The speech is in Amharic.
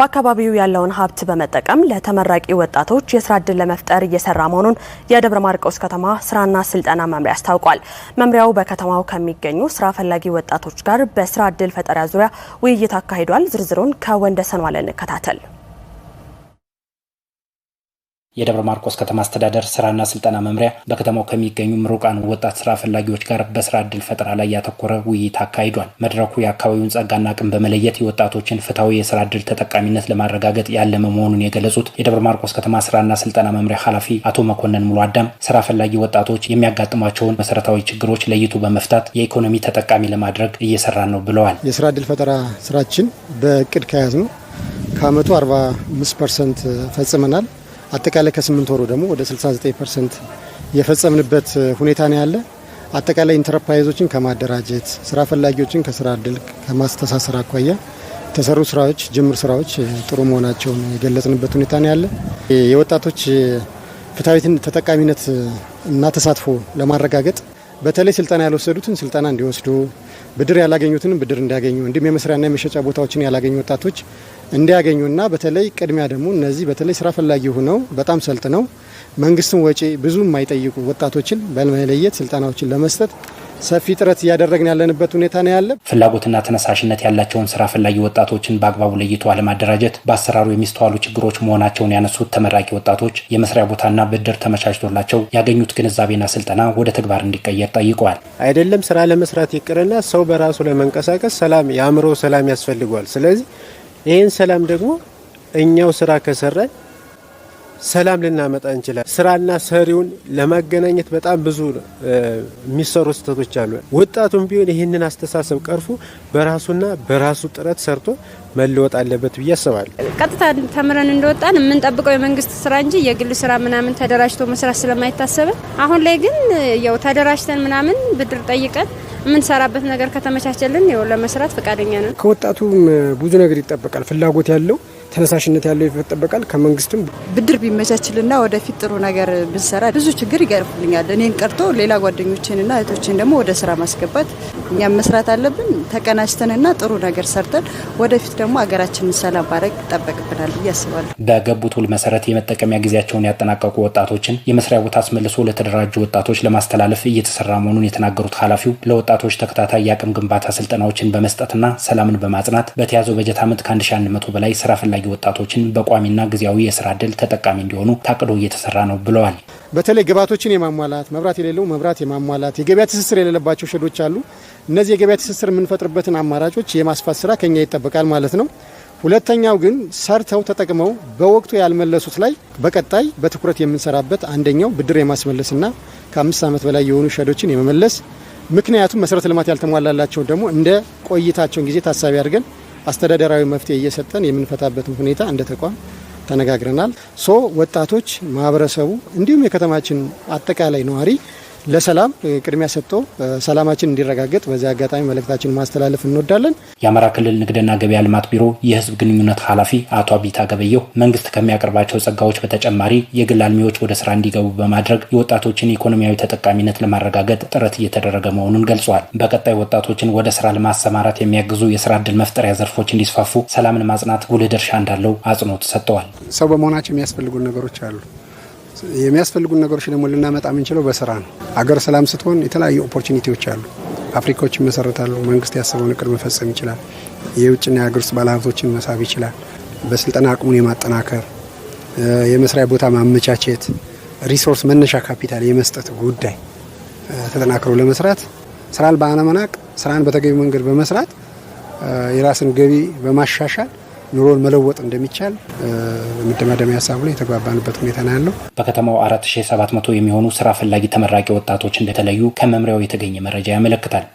በአካባቢው ያለውን ሀብት በመጠቀም ለተመራቂ ወጣቶች የስራ እድል ለመፍጠር እየሰራ መሆኑን የደብረ ማርቆስ ከተማ ስራና ስልጠና መምሪያ አስታውቋል። መምሪያው በከተማው ከሚገኙ ስራ ፈላጊ ወጣቶች ጋር በስራ እድል ፈጠሪያ ዙሪያ ውይይት አካሂዷል። ዝርዝሩን ከወንደሰን ዋለ እንከታተል። የደብረ ማርቆስ ከተማ አስተዳደር ስራና ስልጠና መምሪያ በከተማው ከሚገኙ ምሩቃን ወጣት ስራ ፈላጊዎች ጋር በስራ እድል ፈጠራ ላይ ያተኮረ ውይይት አካሂዷል። መድረኩ የአካባቢውን ጸጋና አቅም በመለየት የወጣቶችን ፍትሐዊ የስራ እድል ተጠቃሚነት ለማረጋገጥ ያለመ መሆኑን የገለጹት የደብረ ማርቆስ ከተማ ስራና ስልጠና መምሪያ ኃላፊ አቶ መኮንን ሙሉ አዳም ስራ ፈላጊ ወጣቶች የሚያጋጥሟቸውን መሰረታዊ ችግሮች ለይቶ በመፍታት የኢኮኖሚ ተጠቃሚ ለማድረግ እየሰራ ነው ብለዋል። የስራ እድል ፈጠራ ስራችን በእቅድ ከያዝ ነው ከአመቱ 45 ፐርሰንት ፈጽመናል። አጠቃላይ ከስምንት ወሩ ደግሞ ወደ 69 ፐርሰንት የፈጸምንበት ሁኔታ ነው ያለ። አጠቃላይ ኢንተርፕራይዞችን ከማደራጀት ስራ ፈላጊዎችን ከስራ እድል ከማስተሳሰር አኳያ የተሰሩ ስራዎች ጅምር ስራዎች ጥሩ መሆናቸውን የገለጽንበት ሁኔታ ነው ያለ። የወጣቶች ፍትሐዊትን ተጠቃሚነት እና ተሳትፎ ለማረጋገጥ በተለይ ስልጠና ያልወሰዱትን ስልጠና እንዲወስዱ፣ ብድር ያላገኙትን ብድር እንዲያገኙ፣ እንዲሁም የመስሪያና የመሸጫ ቦታዎችን ያላገኙ ወጣቶች እንዲያገኙና በተለይ ቅድሚያ ደግሞ እነዚህ በተለይ ስራ ፈላጊ ሆነው በጣም ሰልጥነው መንግስትን ወጪ ብዙ የማይጠይቁ ወጣቶችን በመለየት ስልጠናዎችን ለመስጠት ሰፊ ጥረት እያደረግን ያለንበት ሁኔታ ነው ያለ። ፍላጎትና ተነሳሽነት ያላቸውን ስራ ፈላጊ ወጣቶችን በአግባቡ ለይቶ አለማደራጀት በአሰራሩ የሚስተዋሉ ችግሮች መሆናቸውን ያነሱት ተመራቂ ወጣቶች የመስሪያ ቦታና ብድር ተመቻችቶላቸው ያገኙት ግንዛቤና ስልጠና ወደ ተግባር እንዲቀየር ጠይቀዋል። አይደለም ስራ ለመስራት ይቅርና ሰው በራሱ ለመንቀሳቀስ ሰላም፣ የአእምሮ ሰላም ያስፈልገዋል። ስለዚህ ይህን ሰላም ደግሞ እኛው ስራ ከሰራን ሰላም ልናመጣ እንችላለን። ስራና ሰሪውን ለማገናኘት በጣም ብዙ የሚሰሩ ስህተቶች አሉ። ወጣቱም ቢሆን ይህንን አስተሳሰብ ቀርፎ በራሱና በራሱ ጥረት ሰርቶ መለወጥ አለበት ብዬ አስባለሁ። ቀጥታ ተምረን እንደወጣን የምንጠብቀው የመንግስት ስራ እንጂ የግል ስራ ምናምን ተደራጅቶ መስራት ስለማይታሰብን፣ አሁን ላይ ግን ያው ተደራጅተን ምናምን ብድር ጠይቀን የምንሰራበት ነገር ከተመቻቸልን ያው ለመስራት ፈቃደኛ ነን። ከወጣቱም ብዙ ነገር ይጠበቃል ፍላጎት ያለው ተነሳሽነት ያለው ይጠበቃል። ከመንግስትም ብድር ቢመቻችልና ወደፊት ጥሩ ነገር ብንሰራ ብዙ ችግር ይገርፍልኛል። እኔን ቀርቶ ሌላ ጓደኞችንና እህቶችን ደግሞ ወደ ስራ ማስገባት እኛም መስራት አለብን። ተቀናጅተንና ጥሩ ነገር ሰርተን ወደፊት ደግሞ ሀገራችንን ሰላም ማድረግ ይጠበቅብናል ብዬ አስባለሁ። በገቡት ውል መሰረት የመጠቀሚያ ጊዜያቸውን ያጠናቀቁ ወጣቶችን የመስሪያ ቦታ አስመልሶ ለተደራጁ ወጣቶች ለማስተላለፍ እየተሰራ መሆኑን የተናገሩት ኃላፊው ለወጣቶች ተከታታይ የአቅም ግንባታ ስልጠናዎችን በመስጠትና ሰላምን በማጽናት በተያዘው በጀት ዓመት ከ1100 በላይ ስራ ፍላ ታዳጊ ወጣቶችን በቋሚና ጊዜያዊ የስራ እድል ተጠቃሚ እንዲሆኑ ታቅዶ እየተሰራ ነው ብለዋል። በተለይ ግብዓቶችን የማሟላት መብራት የሌለው መብራት የማሟላት የገበያ ትስስር የሌለባቸው ሸዶች አሉ። እነዚህ የገበያ ትስስር የምንፈጥርበትን አማራጮች የማስፋት ስራ ከኛ ይጠበቃል ማለት ነው። ሁለተኛው ግን ሰርተው ተጠቅመው በወቅቱ ያልመለሱት ላይ በቀጣይ በትኩረት የምንሰራበት አንደኛው ብድር የማስመለስና ከአምስት ዓመት በላይ የሆኑ ሸዶችን የመመለስ ምክንያቱም መሰረተ ልማት ያልተሟላላቸው ደግሞ እንደ ቆይታቸውን ጊዜ ታሳቢ አድርገን አስተዳደራዊ መፍትሄ እየሰጠን የምንፈታበትን ሁኔታ እንደ ተቋም ተነጋግረናል። ሶ ወጣቶች፣ ማህበረሰቡ እንዲሁም የከተማችን አጠቃላይ ነዋሪ ለሰላም ቅድሚያ ሰጥቶ ሰላማችን እንዲረጋገጥ በዚህ አጋጣሚ መልእክታችን ማስተላለፍ እንወዳለን። የአማራ ክልል ንግድና ገበያ ልማት ቢሮ የህዝብ ግንኙነት ኃላፊ አቶ አቢታ ገበየሁ መንግስት ከሚያቀርባቸው ጸጋዎች በተጨማሪ የግል አልሚዎች ወደ ስራ እንዲገቡ በማድረግ የወጣቶችን ኢኮኖሚያዊ ተጠቃሚነት ለማረጋገጥ ጥረት እየተደረገ መሆኑን ገልጿል። በቀጣይ ወጣቶችን ወደ ስራ ለማሰማራት የሚያግዙ የስራ እድል መፍጠሪያ ዘርፎች እንዲስፋፉ ሰላምን ማጽናት ጉልህ ድርሻ እንዳለው አጽንኦት ሰጥተዋል። ሰው በመሆናቸው የሚያስፈልጉን ነገሮች አሉ የሚያስፈልጉን ነገሮች ደግሞ ልናመጣ የምንችለው በስራ ነው። አገር ሰላም ስትሆን የተለያዩ ኦፖርቹኒቲዎች አሉ። ፋብሪካዎች ይመሰረታሉ። መንግስት ያሰበውን እቅድ መፈጸም ይችላል። የውጭና የሀገር ውስጥ ባለሀብቶችን መሳብ ይችላል። በስልጠና አቅሙን የማጠናከር የመስሪያ ቦታ ማመቻቸት፣ ሪሶርስ መነሻ ካፒታል የመስጠት ጉዳይ ተጠናክሮ ለመስራት ስራን በአነመናቅ ስራን በተገቢ መንገድ በመስራት የራስን ገቢ በማሻሻል ኑሮን መለወጥ እንደሚቻል በመደማደሚያ ሀሳቡ ላይ የተግባባንበት ሁኔታ ነው ያለው። በከተማው 4700 የሚሆኑ ስራ ፈላጊ ተመራቂ ወጣቶች እንደተለዩ ከመምሪያው የተገኘ መረጃ ያመለክታል።